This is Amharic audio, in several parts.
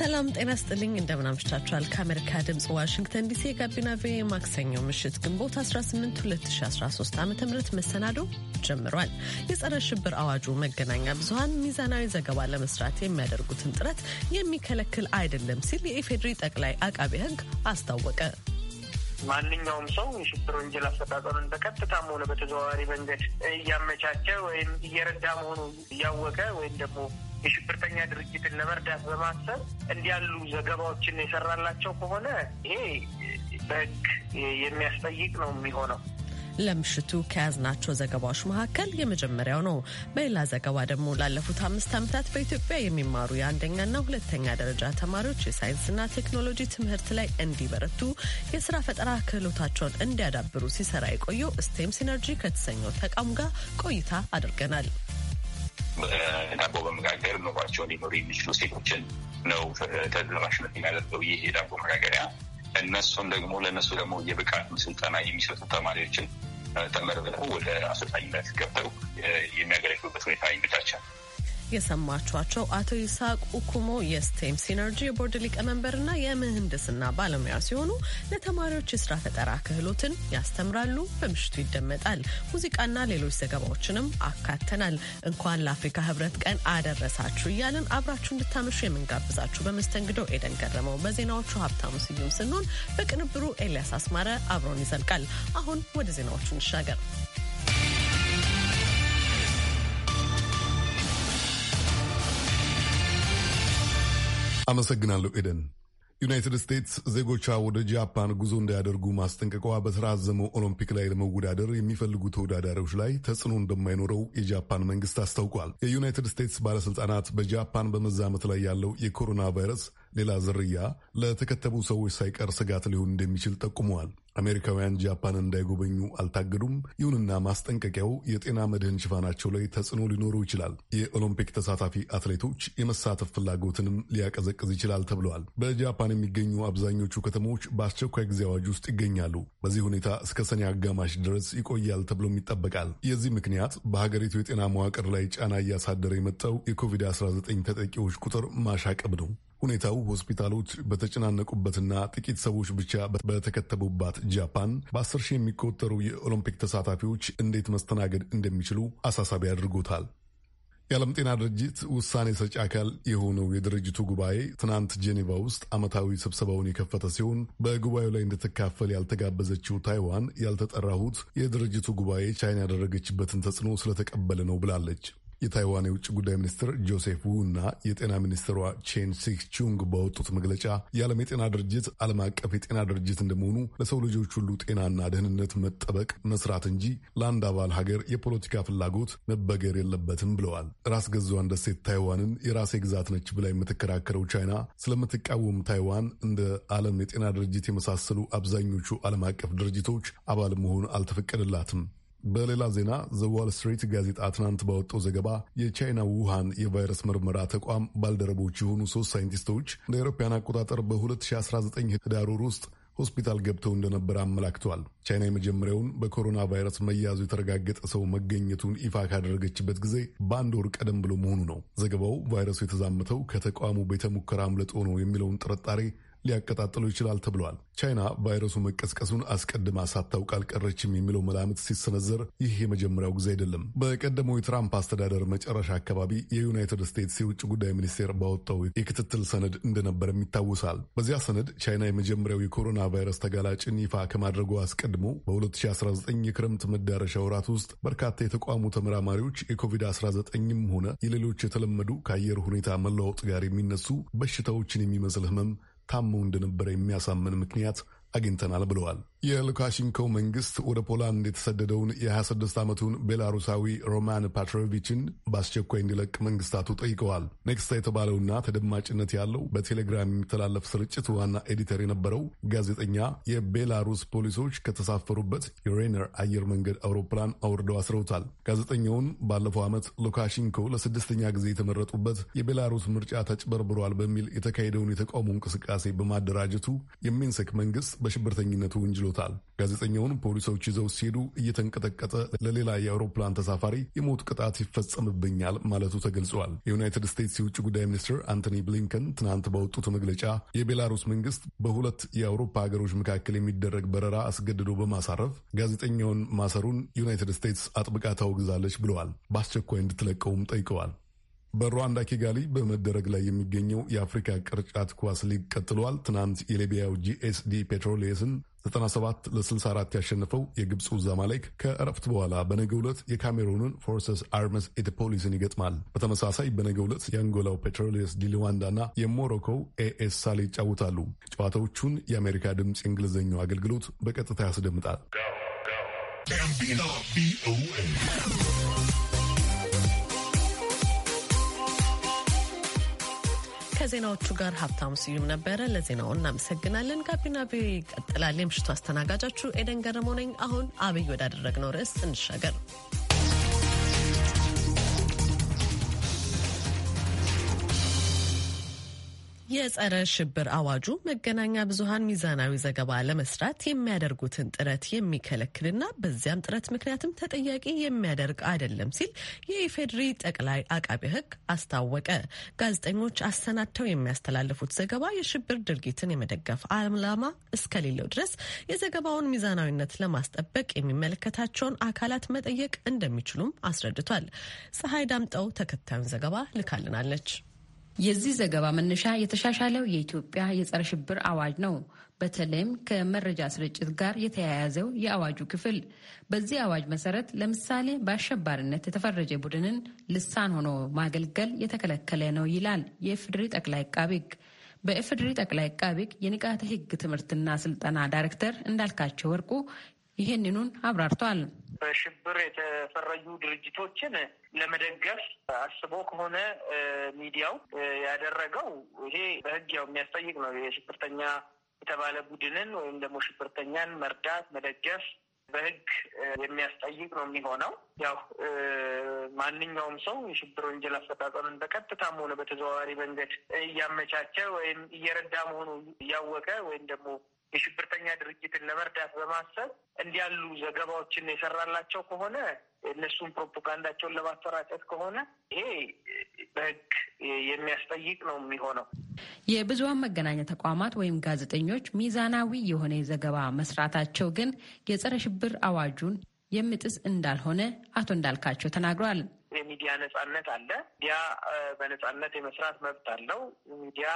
ሰላም ጤና ስጥልኝ፣ እንደምናምሽታችኋል። ከአሜሪካ ድምፅ ዋሽንግተን ዲሲ የጋቢና ቪ ማክሰኞ ምሽት ግንቦት 18 2013 ዓ ም መሰናዶ ጀምሯል። የጸረ ሽብር አዋጁ መገናኛ ብዙኃን ሚዛናዊ ዘገባ ለመስራት የሚያደርጉትን ጥረት የሚከለክል አይደለም ሲል የኢፌዴሪ ጠቅላይ አቃቤ ሕግ አስታወቀ። ማንኛውም ሰው የሽብር ወንጀል አፈጣጠሩን በቀጥታም ሆነ በተዘዋዋሪ መንገድ እያመቻቸ ወይም እየረዳ መሆኑ እያወቀ ወይም ደግሞ የሽብርተኛ ድርጅትን ለመርዳት በማሰብ እንዲያሉ ዘገባዎችን የሰራላቸው ከሆነ ይሄ በህግ የሚያስጠይቅ ነው የሚሆነው። ለምሽቱ ከያዝናቸው ዘገባዎች መካከል የመጀመሪያው ነው። በሌላ ዘገባ ደግሞ ላለፉት አምስት ዓመታት በኢትዮጵያ የሚማሩ የአንደኛና ሁለተኛ ደረጃ ተማሪዎች የሳይንስና ቴክኖሎጂ ትምህርት ላይ እንዲበረቱ የስራ ፈጠራ ክህሎታቸውን እንዲያዳብሩ ሲሰራ የቆየው ስቴም ሲነርጂ ከተሰኘው ተቋም ጋር ቆይታ አድርገናል። ዳቦ በመጋገር ኑሯቸውን ሊኖሩ የሚችሉ ሴቶችን ነው ተደራሽነት የሚያደርገው ይህ የዳቦ መጋገሪያ። እነሱን ደግሞ ለእነሱ ደግሞ የብቃት ስልጠና የሚሰጡ ተማሪዎችን ተመርብለው ወደ አሰልጣኝነት ገብተው የሚያገለግሉበት ሁኔታ ይመቻቻል። የሰማችኋቸው አቶ ይስሐቅ ኡኩሞ የስቴም ሲነርጂ የቦርድ ሊቀመንበርና የምህንድስና ባለሙያ ሲሆኑ ለተማሪዎች የስራ ፈጠራ ክህሎትን ያስተምራሉ። በምሽቱ ይደመጣል። ሙዚቃና ሌሎች ዘገባዎችንም አካተናል። እንኳን ለአፍሪካ ህብረት ቀን አደረሳችሁ እያለን አብራችሁ እንድታመሹ የምንጋብዛችሁ በመስተንግዶ ኤደን ገረመው፣ በዜናዎቹ ሀብታሙ ስዩም ስንሆን በቅንብሩ ኤልያስ አስማረ አብሮን ይዘልቃል። አሁን ወደ ዜናዎቹ እንሻገር። አመሰግናለሁ ኤደን። ዩናይትድ ስቴትስ ዜጎቿ ወደ ጃፓን ጉዞ እንዳያደርጉ ማስጠንቀቋ በተራዘመው ኦሎምፒክ ላይ ለመወዳደር የሚፈልጉ ተወዳዳሪዎች ላይ ተጽዕኖ እንደማይኖረው የጃፓን መንግስት አስታውቋል። የዩናይትድ ስቴትስ ባለስልጣናት በጃፓን በመዛመት ላይ ያለው የኮሮና ቫይረስ ሌላ ዝርያ ለተከተቡ ሰዎች ሳይቀር ስጋት ሊሆን እንደሚችል ጠቁመዋል። አሜሪካውያን ጃፓን እንዳይጎበኙ አልታገዱም። ይሁንና ማስጠንቀቂያው የጤና መድህን ሽፋናቸው ላይ ተጽዕኖ ሊኖረው ይችላል። የኦሎምፒክ ተሳታፊ አትሌቶች የመሳተፍ ፍላጎትንም ሊያቀዘቅዝ ይችላል ተብለዋል። በጃፓን የሚገኙ አብዛኞቹ ከተሞች በአስቸኳይ ጊዜ አዋጅ ውስጥ ይገኛሉ። በዚህ ሁኔታ እስከ ሰኔ አጋማሽ ድረስ ይቆያል ተብሎም ይጠበቃል። የዚህ ምክንያት በሀገሪቱ የጤና መዋቅር ላይ ጫና እያሳደረ የመጣው የኮቪድ-19 ተጠቂዎች ቁጥር ማሻቀብ ነው። ሁኔታው ሆስፒታሎች በተጨናነቁበትና ጥቂት ሰዎች ብቻ በተከተቡባት ጃፓን በአስር ሺህ የሚቆጠሩ የኦሎምፒክ ተሳታፊዎች እንዴት መስተናገድ እንደሚችሉ አሳሳቢ አድርጎታል። የዓለም ጤና ድርጅት ውሳኔ ሰጪ አካል የሆነው የድርጅቱ ጉባኤ ትናንት ጄኔቫ ውስጥ ዓመታዊ ስብሰባውን የከፈተ ሲሆን በጉባኤው ላይ እንድትካፈል ያልተጋበዘችው ታይዋን ያልተጠራሁት የድርጅቱ ጉባኤ ቻይና ያደረገችበትን ተጽዕኖ ስለተቀበለ ነው ብላለች። የታይዋን የውጭ ጉዳይ ሚኒስትር ጆሴፍ ዉ እና የጤና ሚኒስትሯ ቼን ሲክ ቹንግ በወጡት መግለጫ የዓለም የጤና ድርጅት ዓለም አቀፍ የጤና ድርጅት እንደመሆኑ ለሰው ልጆች ሁሉ ጤናና ደህንነት መጠበቅ መስራት እንጂ ለአንድ አባል ሀገር የፖለቲካ ፍላጎት መበገር የለበትም ብለዋል። ራስ ገዟን ደሴት ታይዋንን የራሴ ግዛት ነች ብላ የምትከራከረው ቻይና ስለምትቃወም ታይዋን እንደ ዓለም የጤና ድርጅት የመሳሰሉ አብዛኞቹ ዓለም አቀፍ ድርጅቶች አባል መሆን አልተፈቀደላትም። በሌላ ዜና ዘዋል ስትሪት ጋዜጣ ትናንት ባወጣው ዘገባ የቻይና ውሃን የቫይረስ ምርመራ ተቋም ባልደረቦች የሆኑ ሶስት ሳይንቲስቶች እንደ አውሮፓውያን አቆጣጠር በ2019 ህዳር ወር ውስጥ ሆስፒታል ገብተው እንደነበረ አመላክተዋል። ቻይና የመጀመሪያውን በኮሮና ቫይረስ መያዙ የተረጋገጠ ሰው መገኘቱን ይፋ ካደረገችበት ጊዜ በአንድ ወር ቀደም ብሎ መሆኑ ነው። ዘገባው ቫይረሱ የተዛመተው ከተቋሙ ቤተ ሙከራ አምልጦ ነው የሚለውን ጥርጣሬ ሊያቀጣጥሉ ይችላል ተብሏል። ቻይና ቫይረሱ መቀስቀሱን አስቀድማ ሳታውቅ አልቀረችም የሚለው መላምት ሲሰነዘር ይህ የመጀመሪያው ጊዜ አይደለም። በቀደመው የትራምፕ አስተዳደር መጨረሻ አካባቢ የዩናይትድ ስቴትስ የውጭ ጉዳይ ሚኒስቴር ባወጣው የክትትል ሰነድ እንደነበረም ይታወሳል። በዚያ ሰነድ ቻይና የመጀመሪያው የኮሮና ቫይረስ ተጋላጭን ይፋ ከማድረጉ አስቀድሞ በ2019 የክረምት መዳረሻ ወራት ውስጥ በርካታ የተቋሙ ተመራማሪዎች የኮቪድ-19ም ሆነ የሌሎች የተለመዱ ከአየር ሁኔታ መለዋወጥ ጋር የሚነሱ በሽታዎችን የሚመስል ህመም ታመው እንደነበረ የሚያሳምን ምክንያት አግኝተናል ብለዋል። የሉካሽንኮ መንግስት ወደ ፖላንድ የተሰደደውን የ26 ዓመቱን ቤላሩሳዊ ሮማን ፓትሮቪችን በአስቸኳይ እንዲለቅ መንግስታቱ ጠይቀዋል። ኔክስታ የተባለውና ተደማጭነት ያለው በቴሌግራም የሚተላለፍ ስርጭት ዋና ኤዲተር የነበረው ጋዜጠኛ የቤላሩስ ፖሊሶች ከተሳፈሩበት የሬነር አየር መንገድ አውሮፕላን አውርደው አስረውታል። ጋዜጠኛውን ባለፈው ዓመት ሉካሽንኮ ለስድስተኛ ጊዜ የተመረጡበት የቤላሩስ ምርጫ ተጭበርብሯል በሚል የተካሄደውን የተቃውሞ እንቅስቃሴ በማደራጀቱ የሚንሰክ መንግስት በሽብርተኝነቱ ወንጅሎ ይሉታል። ጋዜጠኛውን ፖሊሶች ይዘው ሲሄዱ እየተንቀጠቀጠ ለሌላ የአውሮፕላን ተሳፋሪ የሞት ቅጣት ይፈጸምብኛል ማለቱ ተገልጿል። የዩናይትድ ስቴትስ የውጭ ጉዳይ ሚኒስትር አንቶኒ ብሊንከን ትናንት ባወጡት መግለጫ የቤላሩስ መንግስት በሁለት የአውሮፓ ሀገሮች መካከል የሚደረግ በረራ አስገድዶ በማሳረፍ ጋዜጠኛውን ማሰሩን ዩናይትድ ስቴትስ አጥብቃ ታወግዛለች ብለዋል። በአስቸኳይ እንድትለቀውም ጠይቀዋል። በሩዋንዳ ኪጋሊ በመደረግ ላይ የሚገኘው የአፍሪካ ቅርጫት ኳስ ሊግ ቀጥሏል። ትናንት የሊቢያው ጂኤስዲ ፔትሮሌስን 97 ለ64 ያሸነፈው የግብፁ ዛማሌክ ከእረፍት በኋላ በነገ ዕለት የካሜሩንን ፎርሰስ አርመስ ኢትፖሊስን ይገጥማል። በተመሳሳይ በነገ ዕለት የአንጎላው ፔትሮሌስ ዲሊዋንዳና የሞሮኮው ኤኤስ ሳሌ ይጫወታሉ። ጨዋታዎቹን የአሜሪካ ድምፅ የእንግሊዝኛው አገልግሎት በቀጥታ ያስደምጣል። ከዜናዎቹ ጋር ሀብታሙ ስዩም ነበረ። ለዜናው እናመሰግናለን። ጋቢና ቢ ይቀጥላል። የምሽቱ አስተናጋጃችሁ ኤደን ገረመነኝ አሁን አብይ ወዳደረግነው ርዕስ እንሻገር። የጸረ ሽብር አዋጁ መገናኛ ብዙሀን ሚዛናዊ ዘገባ ለመስራት የሚያደርጉትን ጥረት የሚከለክልና በዚያም ጥረት ምክንያትም ተጠያቂ የሚያደርግ አይደለም ሲል የኢፌዴሪ ጠቅላይ አቃቢ ሕግ አስታወቀ። ጋዜጠኞች አሰናድተው የሚያስተላልፉት ዘገባ የሽብር ድርጊትን የመደገፍ አላማ እስከሌለው ድረስ የዘገባውን ሚዛናዊነት ለማስጠበቅ የሚመለከታቸውን አካላት መጠየቅ እንደሚችሉም አስረድቷል። ፀሐይ ዳምጠው ተከታዩን ዘገባ ልካልናለች። የዚህ ዘገባ መነሻ የተሻሻለው የኢትዮጵያ የጸረ ሽብር አዋጅ ነው። በተለይም ከመረጃ ስርጭት ጋር የተያያዘው የአዋጁ ክፍል። በዚህ አዋጅ መሰረት ለምሳሌ በአሸባሪነት የተፈረጀ ቡድንን ልሳን ሆኖ ማገልገል የተከለከለ ነው ይላል የኢፌዴሪ ጠቅላይ ዐቃቤ ሕግ። በኢፌዴሪ ጠቅላይ ዐቃቤ ሕግ የንቃተ ሕግ ትምህርትና ስልጠና ዳይሬክተር እንዳልካቸው ወርቁ ይህንኑን አብራርተዋል። በሽብር የተፈረጁ ድርጅቶችን ለመደገፍ አስቦ ከሆነ ሚዲያው ያደረገው ይሄ በሕግ ያው የሚያስጠይቅ ነው። የሽብርተኛ የተባለ ቡድንን ወይም ደግሞ ሽብርተኛን መርዳት መደገፍ በሕግ የሚያስጠይቅ ነው የሚሆነው። ያው ማንኛውም ሰው የሽብር ወንጀል አፈጻጸምን በቀጥታም ሆነ በተዘዋዋሪ መንገድ እያመቻቸ ወይም እየረዳ መሆኑ እያወቀ ወይም ደግሞ የሽብርተኛ ድርጅትን ለመርዳት በማሰብ እንዲያሉ ዘገባዎችን የሰራላቸው ከሆነ እነሱን ፕሮፓጋንዳቸውን ለማሰራጨት ከሆነ ይሄ በሕግ የሚያስጠይቅ ነው የሚሆነው። የብዙሀን መገናኛ ተቋማት ወይም ጋዜጠኞች ሚዛናዊ የሆነ የዘገባ መስራታቸው ግን የጸረ ሽብር አዋጁን የምጥስ እንዳልሆነ አቶ እንዳልካቸው ተናግሯል። የሚዲያ ነጻነት አለ። ሚዲያ በነጻነት የመስራት መብት አለው። ሚዲያ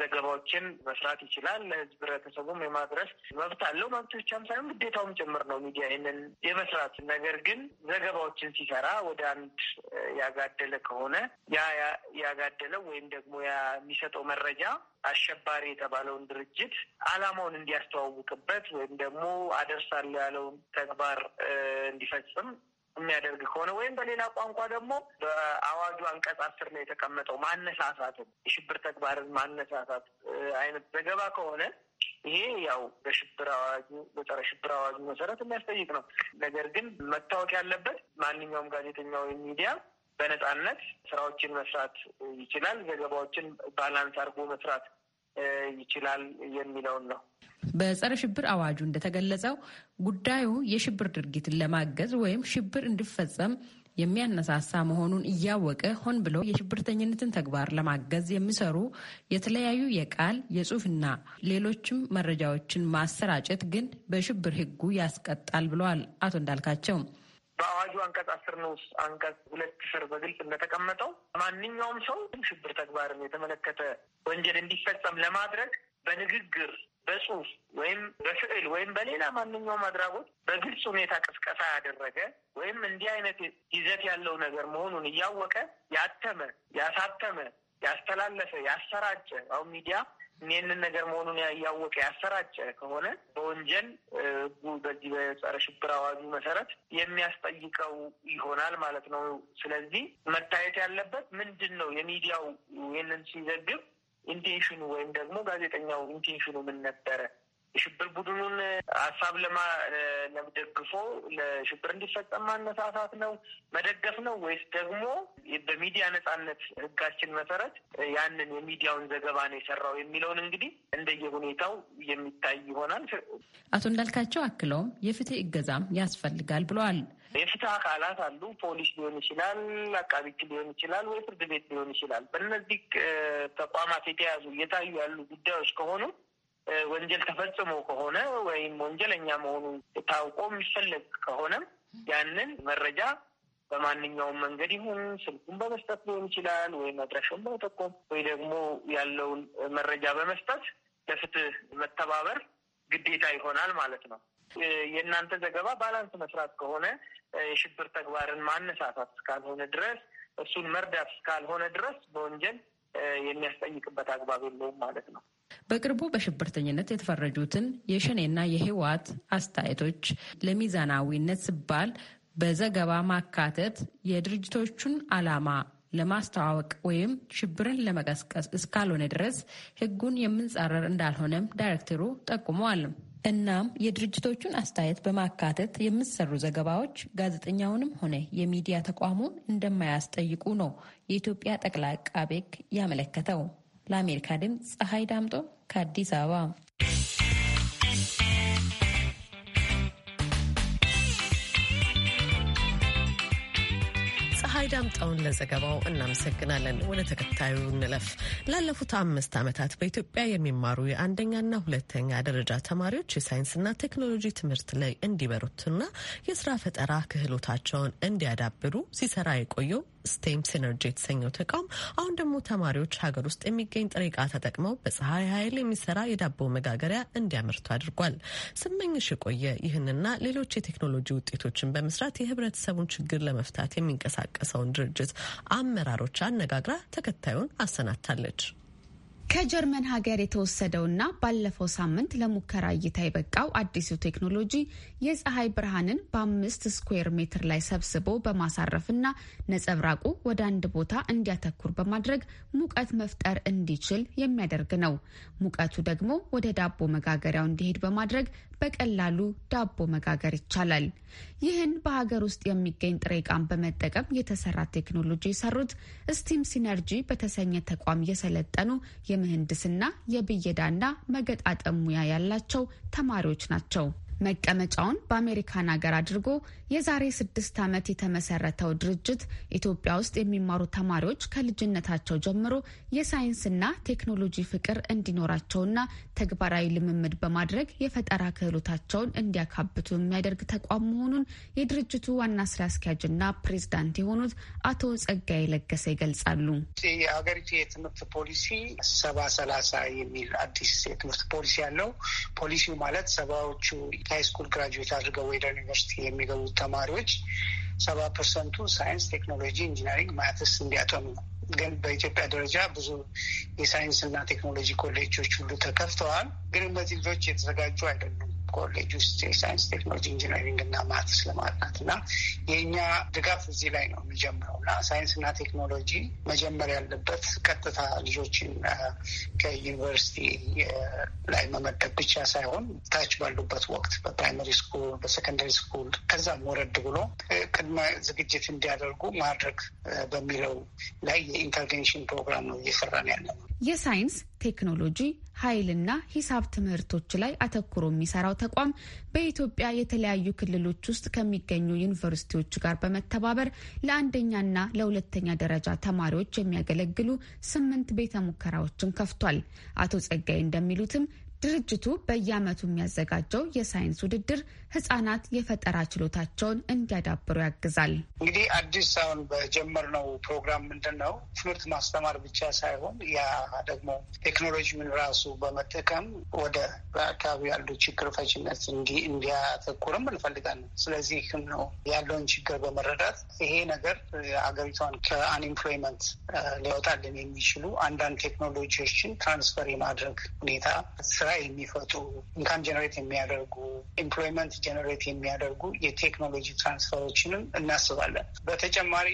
ዘገባዎችን መስራት ይችላል። ለህዝብ ህብረተሰቡም የማድረስ መብት አለው። መብት ብቻም ሳይሆን ግዴታውም ጭምር ነው ሚዲያ ይህንን የመስራት ነገር ግን ዘገባዎችን ሲሰራ ወደ አንድ ያጋደለ ከሆነ ያ ያጋደለው ወይም ደግሞ የሚሰጠው መረጃ አሸባሪ የተባለውን ድርጅት ዓላማውን እንዲያስተዋውቅበት ወይም ደግሞ አደርሳለሁ ያለውን ተግባር እንዲፈጽም የሚያደርግ ከሆነ ወይም በሌላ ቋንቋ ደግሞ በአዋጁ አንቀጽ አስር ላይ የተቀመጠው ማነሳሳትን የሽብር ተግባርን ማነሳሳት አይነት ዘገባ ከሆነ ይሄ ያው በሽብር አዋጁ በጸረ ሽብር አዋጁ መሰረት የሚያስጠይቅ ነው። ነገር ግን መታወቅ ያለበት ማንኛውም ጋዜጠኛ ወይም ሚዲያ በነጻነት ስራዎችን መስራት ይችላል፣ ዘገባዎችን ባላንስ አድርጎ መስራት ይችላል የሚለውን ነው። በጸረ ሽብር አዋጁ እንደተገለጸው ጉዳዩ የሽብር ድርጊትን ለማገዝ ወይም ሽብር እንዲፈጸም የሚያነሳሳ መሆኑን እያወቀ ሆን ብሎ የሽብርተኝነትን ተግባር ለማገዝ የሚሰሩ የተለያዩ የቃል የጽሁፍና ሌሎችም መረጃዎችን ማሰራጨት ግን በሽብር ሕጉ ያስቀጣል ብለዋል አቶ እንዳልካቸው። በአዋጁ አንቀጽ አስር ንዑስ አንቀጽ ሁለት ስር በግልጽ እንደተቀመጠው ማንኛውም ሰው ሽብር ተግባርን የተመለከተ ወንጀል እንዲፈጸም ለማድረግ በንግግር በጽሁፍ ወይም በስዕል ወይም በሌላ ማንኛውም አድራጎት በግልጽ ሁኔታ ቅስቀሳ ያደረገ ወይም እንዲህ አይነት ይዘት ያለው ነገር መሆኑን እያወቀ ያተመ፣ ያሳተመ፣ ያስተላለፈ፣ ያሰራጨ አሁን ሚዲያ ይህንን ነገር መሆኑን እያወቀ ያሰራጨ ከሆነ በወንጀል ህጉ በዚህ በጸረ ሽብር አዋጁ መሰረት የሚያስጠይቀው ይሆናል ማለት ነው። ስለዚህ መታየት ያለበት ምንድን ነው? የሚዲያው ይህንን ሲዘግብ ኢንቴንሽኑ ወይም ደግሞ ጋዜጠኛው ኢንቴንሽኑ ምን ነበረ የሽብር ቡድኑን ሀሳብ ለማ ለመደግፎ ለሽብር እንዲፈጸም ማነሳሳት ነው መደገፍ ነው ወይስ ደግሞ በሚዲያ ነጻነት ህጋችን መሰረት ያንን የሚዲያውን ዘገባ ነው የሰራው የሚለውን እንግዲህ እንደየ ሁኔታው የሚታይ ይሆናል። አቶ እንዳልካቸው አክለውም የፍትህ እገዛም ያስፈልጋል ብለዋል። የፍትህ አካላት አሉ። ፖሊስ ሊሆን ይችላል፣ አቃቢ ሊሆን ይችላል፣ ወይ ፍርድ ቤት ሊሆን ይችላል። በእነዚህ ተቋማት የተያዙ እየታዩ ያሉ ጉዳዮች ከሆኑ ወንጀል ተፈጽሞ ከሆነ ወይም ወንጀለኛ መሆኑ ታውቆ የሚፈለግ ከሆነ ያንን መረጃ በማንኛውም መንገድ ይሁን ስልኩን በመስጠት ሊሆን ይችላል፣ ወይም አድራሻውን በመጠቆም ወይ ደግሞ ያለውን መረጃ በመስጠት ለፍትህ መተባበር ግዴታ ይሆናል ማለት ነው። የእናንተ ዘገባ ባላንስ መስራት ከሆነ የሽብር ተግባርን ማነሳሳት እስካልሆነ ድረስ እሱን መርዳት እስካልሆነ ድረስ በወንጀል የሚያስጠይቅበት አግባብ የለውም ማለት ነው። በቅርቡ በሽብርተኝነት የተፈረጁትን የሸኔና የህወሓት አስተያየቶች ለሚዛናዊነት ሲባል በዘገባ ማካተት የድርጅቶቹን ዓላማ ለማስተዋወቅ ወይም ሽብርን ለመቀስቀስ እስካልሆነ ድረስ ህጉን የምንጻረር እንዳልሆነም ዳይሬክተሩ ጠቁመዋል። እናም የድርጅቶቹን አስተያየት በማካተት የምትሰሩ ዘገባዎች ጋዜጠኛውንም ሆነ የሚዲያ ተቋሙን እንደማያስጠይቁ ነው የኢትዮጵያ ጠቅላይ አቃቤ ሕግ ያመለከተው። ለአሜሪካ ድምፅ ፀሐይ ዳምጦ ከአዲስ አበባ ዳምጣውን ለዘገባው እናመሰግናለን። ወደ ተከታዩ እንለፍ። ላለፉት አምስት ዓመታት በኢትዮጵያ የሚማሩ የአንደኛና ሁለተኛ ደረጃ ተማሪዎች የሳይንስና ቴክኖሎጂ ትምህርት ላይ እንዲበሩትና የስራ ፈጠራ ክህሎታቸውን እንዲያዳብሩ ሲሰራ የቆየው ስቴም ሲነርጂ የተሰኘው ተቋም አሁን ደግሞ ተማሪዎች ሀገር ውስጥ የሚገኝ ጥሬ ዕቃ ተጠቅመው በፀሐይ ኃይል የሚሰራ የዳቦ መጋገሪያ እንዲያመርቱ አድርጓል። ስመኝሽ የቆየ ይህንና ሌሎች የቴክኖሎጂ ውጤቶችን በመስራት የህብረተሰቡን ችግር ለመፍታት የሚንቀሳቀሰውን ድርጅት አመራሮች አነጋግራ ተከታዩን አሰናድታለች። ከጀርመን ሀገር የተወሰደውና ባለፈው ሳምንት ለሙከራ እይታ የበቃው አዲሱ ቴክኖሎጂ የፀሐይ ብርሃንን በአምስት ስኩዌር ሜትር ላይ ሰብስቦ በማሳረፍና ነጸብራቁ ወደ አንድ ቦታ እንዲያተኩር በማድረግ ሙቀት መፍጠር እንዲችል የሚያደርግ ነው። ሙቀቱ ደግሞ ወደ ዳቦ መጋገሪያው እንዲሄድ በማድረግ በቀላሉ ዳቦ መጋገር ይቻላል። ይህን በሀገር ውስጥ የሚገኝ ጥሬ ዕቃን በመጠቀም የተሰራ ቴክኖሎጂ የሰሩት ስቲም ሲነርጂ በተሰኘ ተቋም የሰለጠኑ የምህንድስና የብየዳና መገጣጠም ሙያ ያላቸው ተማሪዎች ናቸው። መቀመጫውን በአሜሪካን ሀገር አድርጎ የዛሬ ስድስት ዓመት የተመሰረተው ድርጅት ኢትዮጵያ ውስጥ የሚማሩ ተማሪዎች ከልጅነታቸው ጀምሮ የሳይንስና ቴክኖሎጂ ፍቅር እንዲኖራቸውና ተግባራዊ ልምምድ በማድረግ የፈጠራ ክህሎታቸውን እንዲያካብቱ የሚያደርግ ተቋም መሆኑን የድርጅቱ ዋና ስራ አስኪያጅና ፕሬዝዳንት የሆኑት አቶ ጸጋዬ ለገሰ ይገልጻሉ። የሀገሪቱ የትምህርት ፖሊሲ ሰባ ሰላሳ የሚል አዲስ የትምህርት ፖሊሲ ያለው ፖሊሲው ማለት ሰባዎቹ ከሃይስኩል ግራጁዌት አድርገው ወደ ዩኒቨርሲቲ የሚገቡት ተማሪዎች ሰባ ፐርሰንቱ ሳይንስ፣ ቴክኖሎጂ፣ ኢንጂነሪንግ፣ ማትስ እንዲያጠኑ ነው። ግን በኢትዮጵያ ደረጃ ብዙ የሳይንስና ቴክኖሎጂ ኮሌጆች ሁሉ ተከፍተዋል። ግን እነዚህ ልጆች የተዘጋጁ አይደሉም። ኮሌጅ ውስጥ የሳይንስ ቴክኖሎጂ፣ ኢንጂነሪንግ እና ማትስ ለማጥናት እና የእኛ ድጋፍ እዚህ ላይ ነው የሚጀምረው እና ሳይንስና ቴክኖሎጂ መጀመር ያለበት ቀጥታ ልጆችን ከዩኒቨርሲቲ ላይ መመደብ ብቻ ሳይሆን ታች ባሉበት ወቅት በፕራይመሪ ስኩል፣ በሰከንዳሪ ስኩል ከዛም ወረድ ብሎ ቅድመ ዝግጅት እንዲያደርጉ ማድረግ በሚለው ላይ የኢንተርቬንሽን ፕሮግራም ነው እየሰራን ያለ ነው። የሳይንስ ቴክኖሎጂ ኃይልና ሂሳብ ትምህርቶች ላይ አተኩሮ የሚሰራው ተቋም በኢትዮጵያ የተለያዩ ክልሎች ውስጥ ከሚገኙ ዩኒቨርሲቲዎች ጋር በመተባበር ለአንደኛና ለሁለተኛ ደረጃ ተማሪዎች የሚያገለግሉ ስምንት ቤተ ሙከራዎችን ከፍቷል። አቶ ጸጋይ እንደሚሉትም ድርጅቱ በየዓመቱ የሚያዘጋጀው የሳይንስ ውድድር ህጻናት የፈጠራ ችሎታቸውን እንዲያዳብሩ ያግዛል። እንግዲህ አዲስ አሁን በጀመርነው ፕሮግራም ምንድን ነው ትምህርት ማስተማር ብቻ ሳይሆን ያ ደግሞ ቴክኖሎጂን ራሱ በመጠቀም ወደ በአካባቢ ያሉ ችግር ፈችነት እንዲያተኩርም እንፈልጋለን። ስለዚህም ነው ያለውን ችግር በመረዳት ይሄ ነገር አገሪቷን ከአንኤምፕሎይመንት ሊያወጣልን የሚችሉ አንዳንድ ቴክኖሎጂዎችን ትራንስፈር የማድረግ ሁኔታ ስራ የሚፈቱ ኢንካም ጀነሬት የሚያደርጉ ኤምፕሎይመንት ጀነሬት የሚያደርጉ የቴክኖሎጂ ትራንስፈሮችንም እናስባለን። በተጨማሪ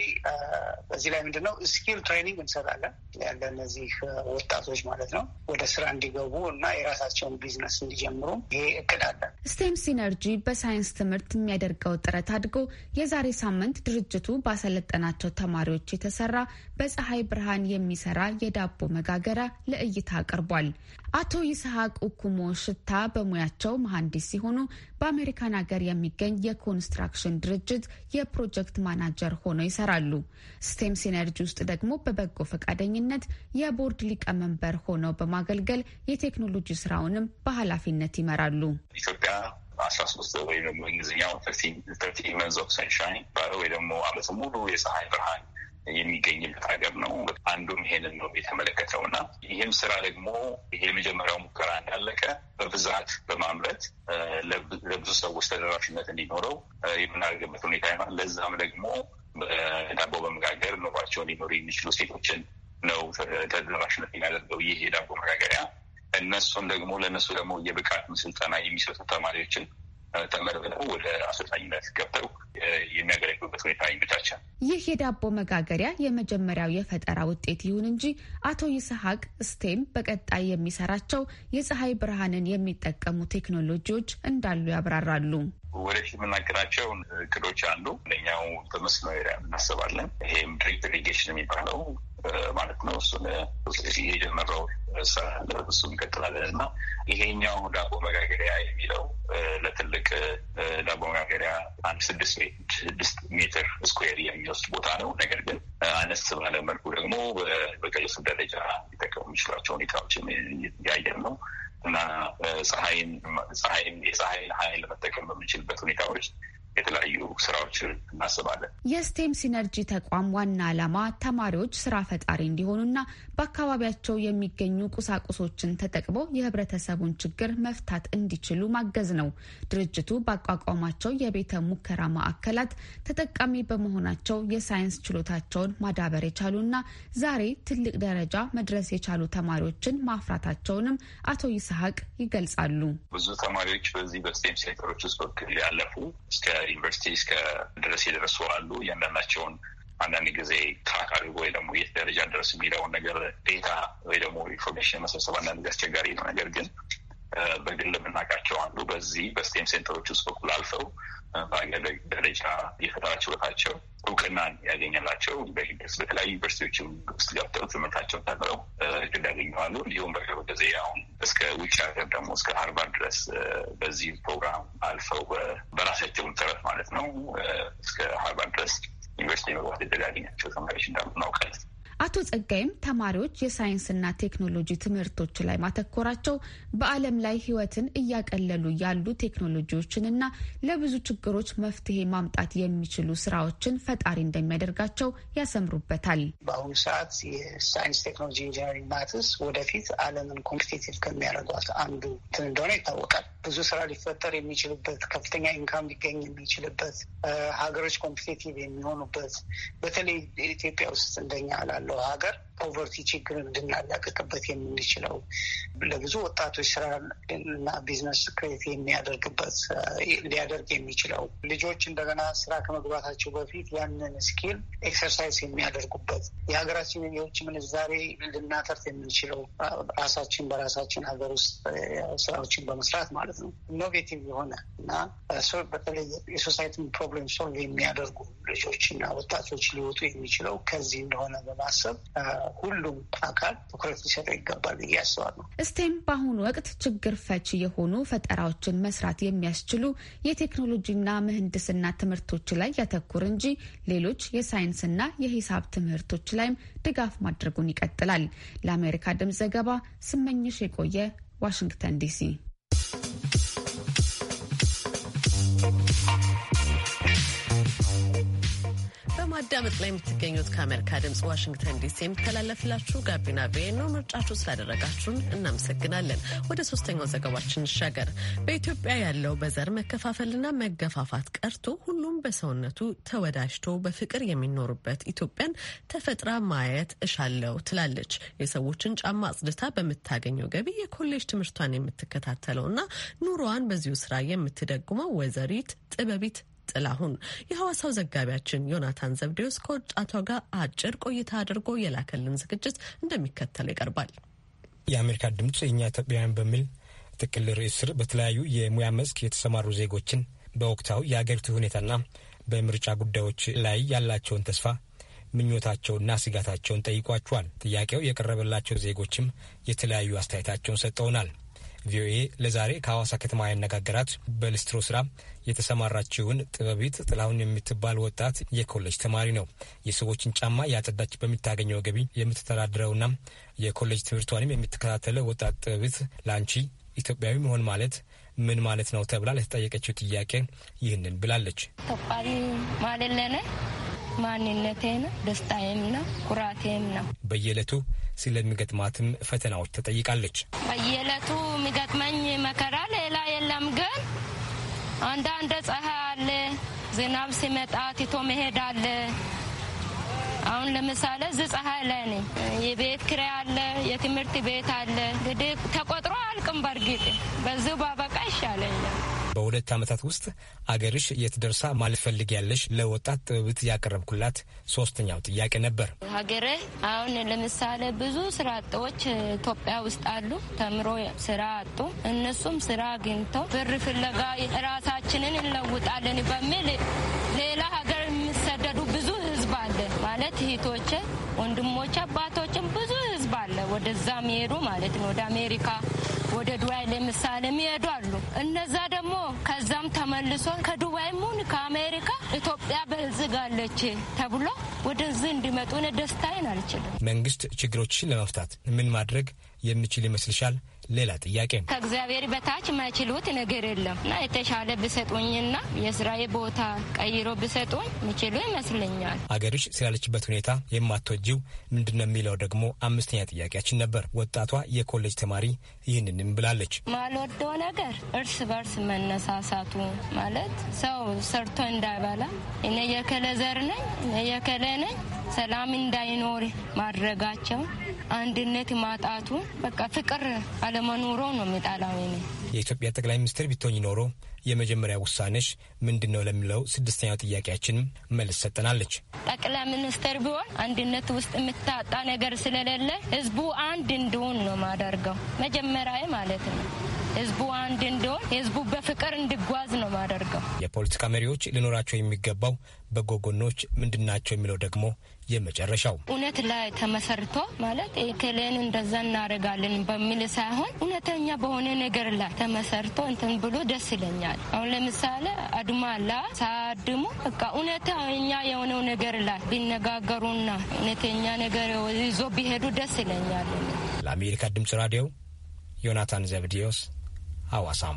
በዚህ ላይ ምንድነው ስኪል ትሬኒንግ እንሰጣለን ያለ እነዚህ ወጣቶች ማለት ነው ወደ ስራ እንዲገቡ እና የራሳቸውን ቢዝነስ እንዲጀምሩ ይሄ እቅድ አለን። ስቴም ሲነርጂ በሳይንስ ትምህርት የሚያደርገው ጥረት አድጎ የዛሬ ሳምንት ድርጅቱ ባሰለጠናቸው ተማሪዎች የተሰራ በፀሐይ ብርሃን የሚሰራ የዳቦ መጋገሪያ ለእይታ አቅርቧል። አቶ ይስሐቅ ኡኩሞ ሽታ በሙያቸው መሐንዲስ ሲሆኑ በአሜሪካን ሀገር የሚገኝ የኮንስትራክሽን ድርጅት የፕሮጀክት ማናጀር ሆነው ይሰራሉ። ስቴም ሲነርጂ ውስጥ ደግሞ በበጎ ፈቃደኝነት የቦርድ ሊቀመንበር ሆነው በማገልገል የቴክኖሎጂ ስራውንም በኃላፊነት ይመራሉ። ኢትዮጵያ አስራ ሶስት ወይ ደግሞ እንግሊዝኛው ተርቲ መንዝ ኦፍ ሰንሻይን ወይ ደግሞ አመት ሙሉ የፀሐይ ብርሃን የሚገኝበት ሀገር ነው። አንዱም ይሄንን ነው የተመለከተው እና ይህም ስራ ደግሞ የመጀመሪያው ሙከራ እንዳለቀ በብዛት በማምረት ለብዙ ሰዎች ተደራሽነት እንዲኖረው የምናደርግበት ሁኔታ ይሆናል። ለዛም ደግሞ ዳቦ በመጋገር ኑሯቸውን ሊኖሩ የሚችሉ ሴቶችን ነው ተደራሽነት የሚያደርገው ይህ የዳቦ መጋገሪያ። እነሱን ደግሞ ለእነሱ ደግሞ የብቃት ስልጠና የሚሰጡ ተማሪዎችን ተመርብለው ወደ አሰልጣኝነት ገብተው የሚያገለግሉበት ሁኔታ ይመቻቻል። ይህ የዳቦ መጋገሪያ የመጀመሪያው የፈጠራ ውጤት ይሁን እንጂ አቶ ይስሐቅ ስቴም በቀጣይ የሚሰራቸው የፀሐይ ብርሃንን የሚጠቀሙ ቴክኖሎጂዎች እንዳሉ ያብራራሉ። ወደፊት የምናገራቸው እቅዶች አንዱ ለኛው በመስኖ ሪያ እናስባለን። ይሄም ድሪፕ ኢሪጌሽን የሚባለው ማለት ነው። እሱን የጀመረው ስራ እሱ እንቀጥላለን እና ይሄኛው ዳቦ መጋገሪያ የሚለው ለትልቅ ዳቦ መጋገሪያ አንድ ስድስት ስድስት ሜትር ስኩዌር የሚወስድ ቦታ ነው። ነገር ግን አነስ ባለ መልኩ ደግሞ በግለሰብ ደረጃ ሊጠቀሙ የሚችሏቸው ሁኔታዎችን እያየን ነው እና ፀሐይን የፀሐይን ኃይል መጠቀም በምንችልበት ሁኔታዎች ስራዎችን እናስባለን። የስቴም ሲነርጂ ተቋም ዋና ዓላማ ተማሪዎች ስራ ፈጣሪ እንዲሆኑና በአካባቢያቸው የሚገኙ ቁሳቁሶችን ተጠቅመው የህብረተሰቡን ችግር መፍታት እንዲችሉ ማገዝ ነው። ድርጅቱ ባቋቋማቸው የቤተ ሙከራ ማዕከላት ተጠቃሚ በመሆናቸው የሳይንስ ችሎታቸውን ማዳበር የቻሉና ዛሬ ትልቅ ደረጃ መድረስ የቻሉ ተማሪዎችን ማፍራታቸውንም አቶ ይስሐቅ ይገልጻሉ። ብዙ ተማሪዎች በዚህ በስቴም ሴንተሮች ውስጥ ያለፉ እስከ ዩኒቨርሲቲ እስከ ድረስ የደረሱ አሉ። እያንዳንዳቸውን አንዳንድ ጊዜ ትራክ አድርጎ ወይ ደግሞ የት ደረጃ ድረስ የሚለውን ነገር ዴታ ወይ ደግሞ ኢንፎርሜሽን መሰብሰብ አንዳንድ ጊዜ አስቸጋሪ ነው። ነገር ግን በግል የምናውቃቸው አንዱ በዚህ በስቴም ሴንተሮች ውስጥ በኩል አልፈው በሀገር ደረጃ የፈጠራ ችሎታቸው እውቅናን ያገኘላቸው በሂደት በተለያዩ ዩኒቨርሲቲዎች ውስጥ ገብተው ትምህርታቸውን ተምረው እድል ያገኘዋሉ። እንዲሁም በቅርብ ጊዜ አሁን እስከ ውጭ ሀገር ደግሞ እስከ ሃርቫርድ ድረስ በዚህ ፕሮግራም አልፈው በራሳቸው ጥረት ማለት ነው እስከ ሃርቫርድ ድረስ ዩኒቨርሲቲ መግባት እድል ያገኛቸው ተማሪዎች እንዳሉ እናውቃለን። አቶ ጸጋይም ተማሪዎች የሳይንስና ቴክኖሎጂ ትምህርቶች ላይ ማተኮራቸው በዓለም ላይ ሕይወትን እያቀለሉ ያሉ ቴክኖሎጂዎችንና ለብዙ ችግሮች መፍትሄ ማምጣት የሚችሉ ስራዎችን ፈጣሪ እንደሚያደርጋቸው ያሰምሩበታል። በአሁኑ ሰዓት የሳይንስ ቴክኖሎጂ ኢንጂነሪንግ ማትስ ወደፊት ዓለምን ኮምፒቴቲቭ ከሚያደርጓት አንዱ እንትን እንደሆነ ይታወቃል። ብዙ ስራ ሊፈጠር የሚችልበት ከፍተኛ ኢንካም ሊገኝ የሚችልበት ሀገሮች ኮምፒቴቲቭ የሚሆኑበት በተለይ ኢትዮጵያ ውስጥ እንደኛ ላሉ ላለው ሀገር ፖቨርቲ ችግር እንድናላቅቅበት የምንችለው ለብዙ ወጣቶች ስራ እና ቢዝነስ ክሬት የሚያደርግበት ሊያደርግ የሚችለው ልጆች እንደገና ስራ ከመግባታቸው በፊት ያንን ስኪል ኤክሰርሳይዝ የሚያደርጉበት የሀገራችን የውጭ ምንዛሬ ልናተርፍ የምንችለው ራሳችን በራሳችን ሀገር ውስጥ ስራዎችን በመስራት ማለት ነው። ኢኖቬቲቭ የሆነ እና በተለይ የሶሳይቲን ፕሮብሌም ሶልቭ የሚያደርጉ ልጆች እና ወጣቶች ሊወጡ የሚችለው ከዚህ እንደሆነ በማሰብ ሁሉም አካል ትኩረት ሊሰጠ ይገባል ብዬ አስባለሁ። እስቴም በአሁኑ ወቅት ችግር ፈቺ የሆኑ ፈጠራዎችን መስራት የሚያስችሉ የቴክኖሎጂና ምህንድስና ትምህርቶች ላይ ያተኩር እንጂ ሌሎች የሳይንስና የሂሳብ ትምህርቶች ላይም ድጋፍ ማድረጉን ይቀጥላል። ለአሜሪካ ድምፅ ዘገባ ስመኝሽ የቆየ ዋሽንግተን ዲሲ። በማዳመጥ ላይ የምትገኙት ከአሜሪካ ድምፅ ዋሽንግተን ዲሲ የሚተላለፍላችሁ ጋቢና ቪኦኤ ነው። ምርጫችሁ ስላደረጋችሁን እናመሰግናለን። ወደ ሶስተኛው ዘገባችን እንሻገር። በኢትዮጵያ ያለው በዘር መከፋፈልና መገፋፋት ቀርቶ ሁሉም በሰውነቱ ተወዳጅቶ በፍቅር የሚኖሩበት ኢትዮጵያን ተፈጥራ ማየት እሻለው ትላለች። የሰዎችን ጫማ አጽድታ በምታገኘው ገቢ የኮሌጅ ትምህርቷን የምትከታተለውና ኑሮዋን በዚሁ ስራ የምትደጉመው ወይዘሪት ጥበቢት ጥላሁን። የሐዋሳው ዘጋቢያችን ዮናታን ዘብዴዎስ ከወጣቷ ጋር አጭር ቆይታ አድርጎ የላከልን ዝግጅት እንደሚከተለው ይቀርባል። የአሜሪካ ድምፅ የእኛ ኢትዮጵያውያን በሚል ጥቅል ርዕስ ስር በተለያዩ የሙያ መስክ የተሰማሩ ዜጎችን በወቅታዊ የአገሪቱ ሁኔታና በምርጫ ጉዳዮች ላይ ያላቸውን ተስፋ ምኞታቸውና ስጋታቸውን ጠይቋቸዋል። ጥያቄው የቀረበላቸው ዜጎችም የተለያዩ አስተያየታቸውን ሰጥተውናል። ቪኦኤ ለዛሬ ከሐዋሳ ከተማ ያነጋገራት በሊስትሮ ስራ የተሰማራችውን ጥበቢት ጥላሁን የምትባል ወጣት የኮሌጅ ተማሪ ነው። የሰዎችን ጫማ ያጸዳች በምታገኘው ገቢ የምትተዳድረውና የኮሌጅ ትምህርቷንም የምትከታተለው ወጣት ጥበቢት ለአንቺ ኢትዮጵያዊ መሆን ማለት ምን ማለት ነው ተብላ ለተጠየቀችው ጥያቄ ይህንን ብላለች። ተቋሪ ማለለነ ማንነቴም ደስታዬም ነው፣ ኩራቴም ነው። በየዕለቱ ስለሚገጥማትም ፈተናዎች ተጠይቃለች። በየዕለቱ የሚገጥመኝ መከራ ሌላ የለም፣ ግን አንዳንድ ፀሐይ አለ፣ ዝናብ ሲመጣ ትቶ መሄድ አለ። አሁን ለምሳሌ እዚህ ፀሐይ ላይ ነኝ። የቤት ኪራይ አለ፣ የትምህርት ቤት አለ። እንግዲህ ተቆጥሮ አልቅም። በእርግጥ በዚሁ ባበቃ ይሻለኛል። በሁለት ዓመታት ውስጥ አገርሽ የትደርሳ ማልፈልግ ያለሽ ለወጣት ጥብት ያቀረብኩላት ሶስተኛው ጥያቄ ነበር። ሀገሬ አሁን ለምሳሌ ብዙ ስራ አጦች ኢትዮጵያ ውስጥ አሉ። ተምሮ ስራ አጡ። እነሱም ስራ አግኝተው ብር ፍለጋ ራሳችንን እንለውጣለን በሚል ሌላ ሀገር የሚሰደዱ ብዙ ህዝብ አለ ማለት እህቶች ወንድሞች አባቶችም ብዙ ህዝብ አለ ወደዛ ሚሄዱ ማለት ነው ወደ አሜሪካ ወደ ዱባይ ለምሳሌ የሚሄዱ አሉ። እነዛ ደግሞ ከዛም ተመልሶ ከዱባይም ሁን ከአሜሪካ ኢትዮጵያ በልጽጋለች ተብሎ ወደዚህ እንዲመጡ ደስታዬን አልችልም። መንግስት ችግሮችን ለመፍታት ምን ማድረግ የሚችል ይመስልሻል? ሌላ ጥያቄ ከእግዚአብሔር በታች መችሉት ነገር የለም እና የተሻለ ብሰጡኝና የስራዬ ቦታ ቀይሮ ብሰጡኝ ምችሉ ይመስለኛል። አገርሽ ስላለችበት ሁኔታ የማትወጂው ምንድነው የሚለው ደግሞ አምስተኛ ጥያቄያችን ነበር። ወጣቷ የኮሌጅ ተማሪ ይህንንም ብላለች። ማልወደው ነገር እርስ በርስ መነሳሳቱ ማለት ሰው ሰርቶ እንዳይበላ እኔ የከለ ዘር ነኝ የከለ ነኝ ሰላም እንዳይኖር ማድረጋቸው አንድነት ማጣቱ በቃ ፍቅር አለ ኑሮው ነው የሚጣላው። የኢትዮጵያ ጠቅላይ ሚኒስትር ቢቶኝ ኖሮ የመጀመሪያ ውሳኔሽ ምንድን ነው ለሚለው ስድስተኛው ጥያቄያችን መልስ ሰጠናለች። ጠቅላይ ሚኒስትር ቢሆን አንድነት ውስጥ የምታጣ ነገር ስለሌለ ህዝቡ አንድ እንዲሆን ነው ማደርገው መጀመሪያ ማለት ነው። ህዝቡ አንድ እንዲሆን ህዝቡ በፍቅር እንዲጓዝ ነው ማደርገው። የፖለቲካ መሪዎች ሊኖራቸው የሚገባው በጎ ጎኖች ምንድን ናቸው የሚለው ደግሞ የመጨረሻው እውነት ላይ ተመሰርቶ ማለት ክልን እንደዛ እናደርጋለን በሚል ሳይሆን እውነተኛ በሆነ ነገር ላይ ተመሰርቶ እንትን ብሎ ደስ ይለኛል። አሁን ለምሳሌ አድማ ላ ሳድሙ በቃ እውነተኛ የሆነው ነገር ላይ ቢነጋገሩና እውነተኛ ነገር ይዞ ቢሄዱ ደስ ይለኛል። ለአሜሪካ ድምጽ ራዲዮ ዮናታን ዘብዲዮስ ሐዋሳም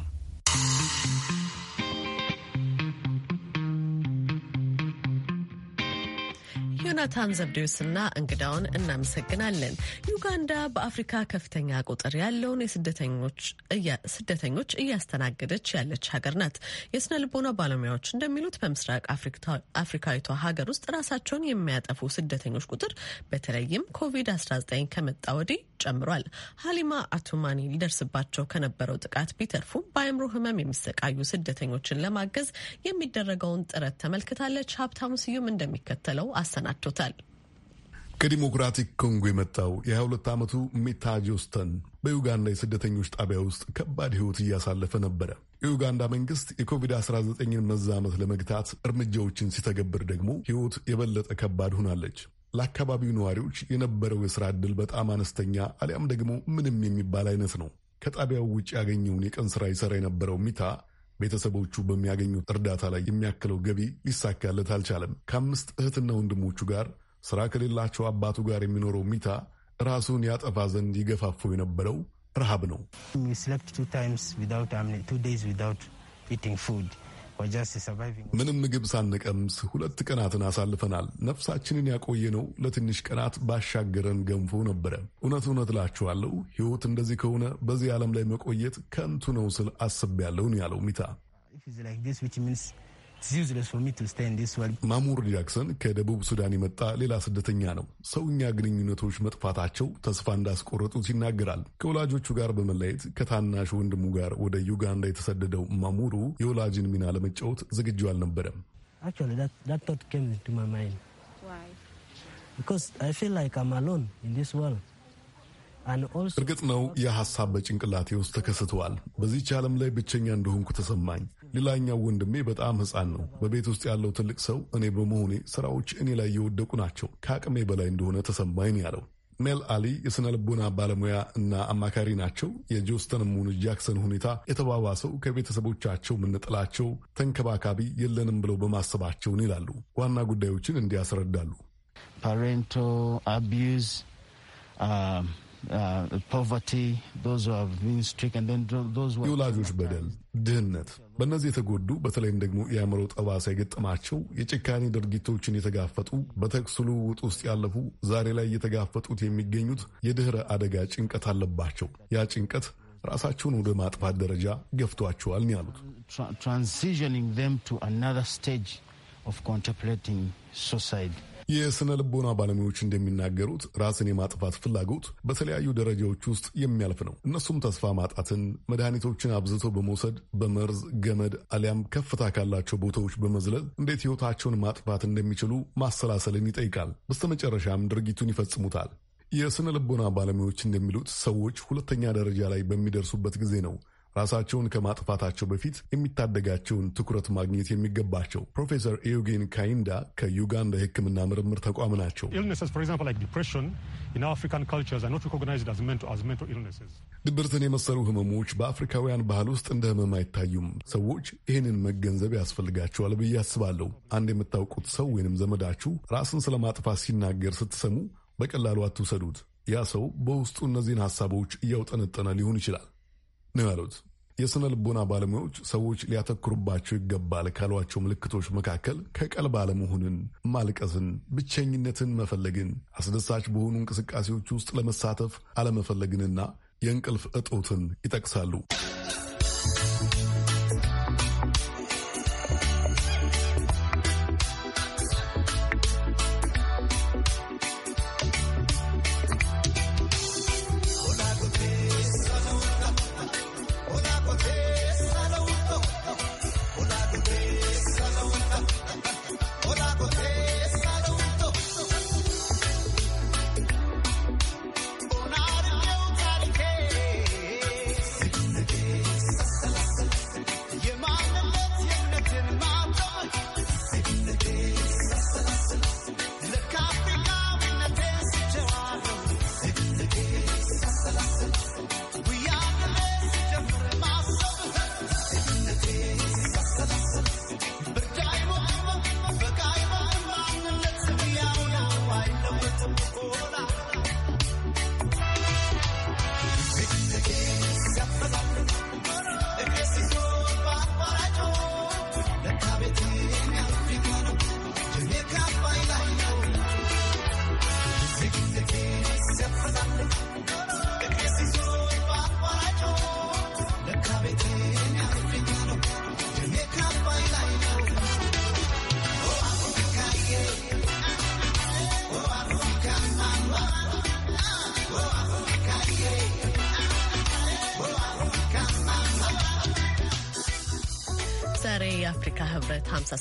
ዮናታን ዘብዴዎስና እንግዳውን እናመሰግናለን። ዩጋንዳ በአፍሪካ ከፍተኛ ቁጥር ያለውን ስደተኞች እያስተናገደች ያለች ሀገር ናት። የስነ ልቦና ባለሙያዎች እንደሚሉት በምስራቅ አፍሪካዊቷ ሀገር ውስጥ ራሳቸውን የሚያጠፉ ስደተኞች ቁጥር በተለይም ኮቪድ-19 ከመጣ ወዲህ ጨምሯል። ሀሊማ አቱማኒ ሊደርስባቸው ከነበረው ጥቃት ቢተርፉም በአእምሮ ህመም የሚሰቃዩ ስደተኞችን ለማገዝ የሚደረገውን ጥረት ተመልክታለች። ሀብታሙ ስዩም እንደሚከተለው አሰናድቷል። አሰናድቶታል። ከዲሞክራቲክ ኮንጎ የመጣው የ22 ዓመቱ ሜታ ጆስተን በዩጋንዳ የስደተኞች ጣቢያ ውስጥ ከባድ ሕይወት እያሳለፈ ነበረ። የዩጋንዳ መንግስት የኮቪድ-19ን መዛመት ለመግታት እርምጃዎችን ሲተገብር ደግሞ ሕይወት የበለጠ ከባድ ሆናለች። ለአካባቢው ነዋሪዎች የነበረው የሥራ ዕድል በጣም አነስተኛ አሊያም ደግሞ ምንም የሚባል አይነት ነው። ከጣቢያው ውጭ ያገኘውን የቀን ሥራ ይሠራ የነበረው ሚታ ቤተሰቦቹ በሚያገኙት እርዳታ ላይ የሚያክለው ገቢ ሊሳካለት አልቻለም። ከአምስት እህትና ወንድሞቹ ጋር ስራ ከሌላቸው አባቱ ጋር የሚኖረው ሚታ ራሱን ያጠፋ ዘንድ ይገፋፈው የነበረው ረሃብ ነው። ምንም ምግብ ሳንቀምስ ሁለት ቀናትን አሳልፈናል። ነፍሳችንን ያቆየነው ለትንሽ ቀናት ባሻገረን ገንፎ ነበረ። እውነት እውነት እላችኋለሁ ሕይወት እንደዚህ ከሆነ በዚህ ዓለም ላይ መቆየት ከንቱ ነው ስል አስቤያለሁ ያለው ሚታ ማሙር ጃክሰን ከደቡብ ሱዳን የመጣ ሌላ ስደተኛ ነው። ሰውኛ ግንኙነቶች መጥፋታቸው ተስፋ እንዳስቆረጡት ይናገራል። ከወላጆቹ ጋር በመለየት ከታናሽ ወንድሙ ጋር ወደ ዩጋንዳ የተሰደደው ማሙሩ የወላጅን ሚና ለመጫወት ዝግጁ አልነበረም። እርግጥ ነው የሐሳብ በጭንቅላቴ ውስጥ ተከስተዋል። በዚች ዓለም ላይ ብቸኛ እንደሆንኩ ተሰማኝ። ሌላኛው ወንድሜ በጣም ህፃን ነው። በቤት ውስጥ ያለው ትልቅ ሰው እኔ በመሆኔ ስራዎች እኔ ላይ የወደቁ ናቸው። ከአቅሜ በላይ እንደሆነ ተሰማኝ ያለው ሜል አሊ የሥነ ልቦና ባለሙያ እና አማካሪ ናቸው። የጆስተን ሙን ጃክሰን ሁኔታ የተባባሰው ከቤተሰቦቻቸው ምንጥላቸው ተንከባካቢ የለንም ብለው በማሰባቸውን ይላሉ። ዋና ጉዳዮችን እንዲያስረዳሉ ፓሬንቶ አቢዩዝ Uh, የወላጆች በደል፣ ድህነት፣ በእነዚህ የተጎዱ በተለይም ደግሞ የአእምሮ ጠባሳ የገጠማቸው የጭካኔ ድርጊቶችን የተጋፈጡ በተኩስ ልውውጥ ውስጥ ያለፉ ዛሬ ላይ እየተጋፈጡት የሚገኙት የድህረ አደጋ ጭንቀት አለባቸው። ያ ጭንቀት ራሳቸውን ወደ ማጥፋት ደረጃ ገፍቷቸዋል ነው ያሉት። ትራንዚሽኒንግ ቱ አናዘር ስቴጅ ኦፍ ሱሳይድ የስነ ልቦና ባለሙያዎች እንደሚናገሩት ራስን የማጥፋት ፍላጎት በተለያዩ ደረጃዎች ውስጥ የሚያልፍ ነው። እነሱም ተስፋ ማጣትን፣ መድኃኒቶችን አብዝቶ በመውሰድ በመርዝ ገመድ አሊያም ከፍታ ካላቸው ቦታዎች በመዝለል እንዴት ሕይወታቸውን ማጥፋት እንደሚችሉ ማሰላሰልን ይጠይቃል። በስተመጨረሻም ድርጊቱን ይፈጽሙታል። የስነ ልቦና ባለሙያዎች እንደሚሉት ሰዎች ሁለተኛ ደረጃ ላይ በሚደርሱበት ጊዜ ነው ራሳቸውን ከማጥፋታቸው በፊት የሚታደጋቸውን ትኩረት ማግኘት የሚገባቸው። ፕሮፌሰር ኤዩጌን ካይንዳ ከዩጋንዳ የሕክምና ምርምር ተቋም ናቸው። ድብርትን የመሰሉ ህመሞች በአፍሪካውያን ባህል ውስጥ እንደ ህመም አይታዩም። ሰዎች ይህንን መገንዘብ ያስፈልጋቸዋል ብዬ አስባለሁ። አንድ የምታውቁት ሰው ወይንም ዘመዳችሁ ራስን ስለማጥፋት ሲናገር ስትሰሙ በቀላሉ አትውሰዱት። ያ ሰው በውስጡ እነዚህን ሐሳቦች እያውጠነጠነ ሊሆን ይችላል። ነው ያሉት። የሥነ ልቦና ባለሙያዎች ሰዎች ሊያተኩሩባቸው ይገባል ካሏቸው ምልክቶች መካከል ከቀልብ አለመሆንን፣ ማልቀስን፣ ብቸኝነትን መፈለግን፣ አስደሳች በሆኑ እንቅስቃሴዎች ውስጥ ለመሳተፍ አለመፈለግንና የእንቅልፍ እጦትን ይጠቅሳሉ።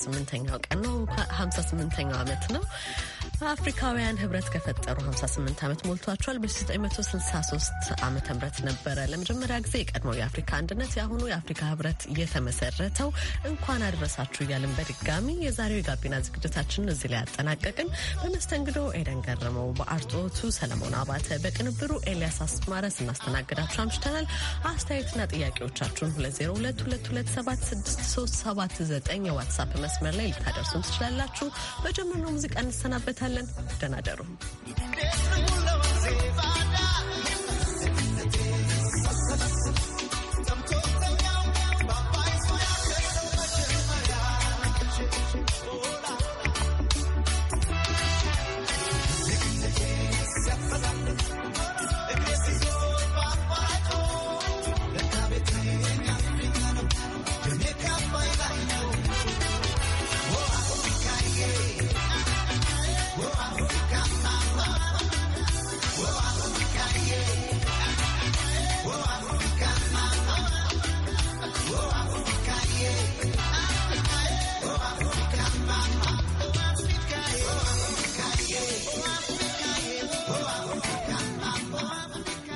58ኛው ቀን ነው። 58ኛው ዓመት ነው። አፍሪካውያን ህብረት ከፈጠሩ 58 ዓመት ሞልቷቸዋል። በ963 ዓመተ ምህረት ነበረ ለመጀመሪያ ጊዜ የቀድሞው የአፍሪካ አንድነት የአሁኑ የአፍሪካ ህብረት የተመሰረተው። እንኳን አድረሳችሁ እያልን በድጋሚ የዛሬው የጋቢና ዝግጅታችንን እዚህ ላይ ያጠናቀቅን። በመስተንግዶ ኤደን ገረመው፣ በአርጦቱ ሰለሞን አባተ፣ በቅንብሩ ኤልያስ አስማረ ስናስተናግዳችሁ አምሽተናል። አስተያየትና ጥያቄዎቻችሁን 2022276379 የዋትሳፕ መስመር ላይ ልታደርሱን ትችላላችሁ። በጀመርነው ሙዚቃ እንሰናበታለን። እንሰናበታለን። ደህና ደሩ።